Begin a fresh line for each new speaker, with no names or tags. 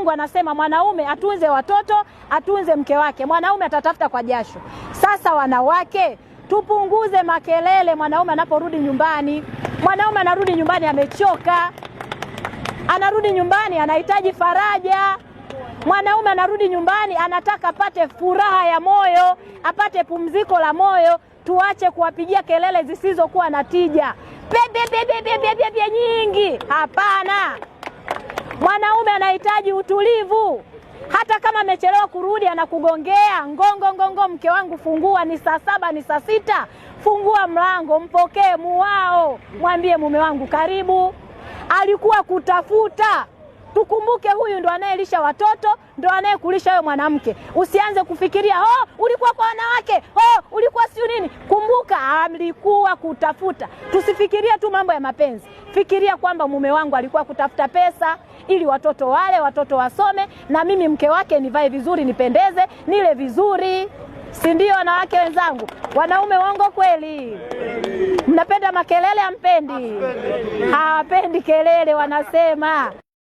Mungu anasema mwanaume atunze watoto, atunze mke wake. Mwanaume atatafuta kwa jasho. Sasa wanawake, tupunguze makelele mwanaume anaporudi nyumbani. Mwanaume anarudi nyumbani amechoka, anarudi nyumbani anahitaji faraja. Mwanaume anarudi nyumbani anataka apate furaha ya moyo, apate pumziko la moyo. Tuache kuwapigia kelele zisizokuwa na tija, bebebebebebebe nyingi. Hapana. Mwanaume anahitaji utulivu. Hata kama amechelewa kurudi, anakugongea ngongo ngongo, mke wangu fungua, ni saa saba ni saa sita Fungua mlango, mpokee muwao, mwambie mume wangu karibu, alikuwa kutafuta. Tukumbuke huyu ndo anayelisha watoto, ndo anayekulisha wewe mwanamke. Usianze kufikiria oh, ulikuwa kwa wanawake, oh, ulikuwa siyo nini. Kumbuka alikuwa kutafuta. Tusifikirie tu mambo ya mapenzi, fikiria kwamba mume wangu alikuwa kutafuta pesa ili watoto wale, watoto wasome, na mimi mke wake nivae vizuri, nipendeze, nile vizuri, si ndio? Wanawake wenzangu, wanaume wongo kweli? Mnapenda makelele? ampendi Hawapendi kelele, wanasema